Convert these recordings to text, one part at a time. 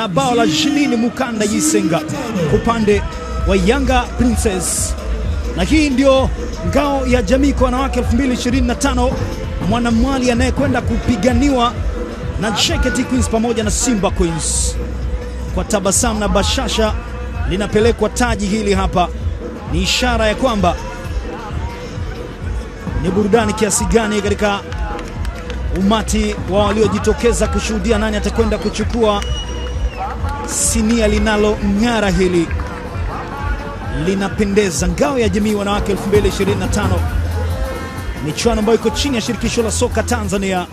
na bao la Jeanine Mukanda Yisenga upande wa Yanga Princess. Na hii ndio ngao ya jamii kwa wanawake 2025 mwanamwali anayekwenda kupiganiwa na JKT Queens pamoja na Simba Queens. Kwa tabasamu na bashasha linapelekwa taji hili hapa, ni ishara ya kwamba ni burudani kiasi gani katika umati wa waliojitokeza kushuhudia nani atakwenda kuchukua sinia linalo ngara hili linapendeza. Ngao ya Jamii Wanawake 2025 michuano ambayo iko chini ya shirikisho la soka Tanzania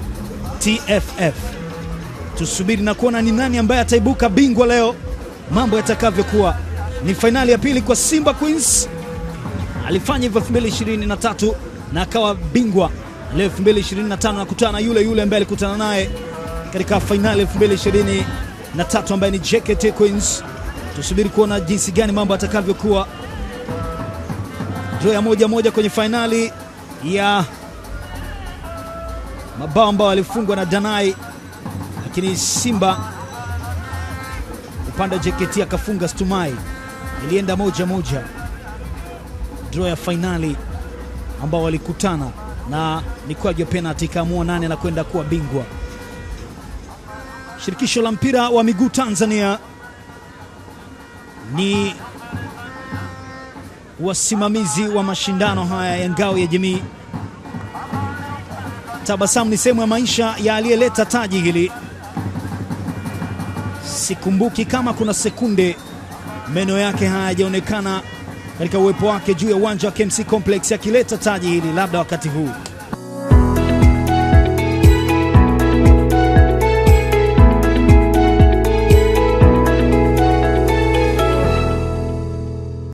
TFF. Tusubiri na kuona ni nani ambaye ataibuka bingwa leo, mambo yatakavyokuwa. Ni fainali ya pili kwa Simba Queens, alifanya hivyo 2023 na akawa bingwa. Leo 2025 nakutana na yule yule ambaye alikutana naye katika fainali 2020 na tatu ambaye ni JKT Queens. Tusubiri kuona jinsi gani mambo atakavyokuwa. Draw ya moja moja kwenye fainali ya mabao ambao alifungwa na Danai, lakini Simba upande wa JKT akafunga Stumai, ilienda moja moja. Draw ya fainali ambao walikutana na mikwaju ya penalti ikaamua nani anakwenda kuwa bingwa. Shirikisho la mpira wa miguu Tanzania ni wasimamizi wa mashindano haya ya ngao ya jamii. Tabasamu ni sehemu ya maisha ya aliyeleta taji hili. Sikumbuki kama kuna sekunde meno yake hayajaonekana katika uwepo wake juu ya uwanja wa KMC Complex akileta taji hili, labda wakati huu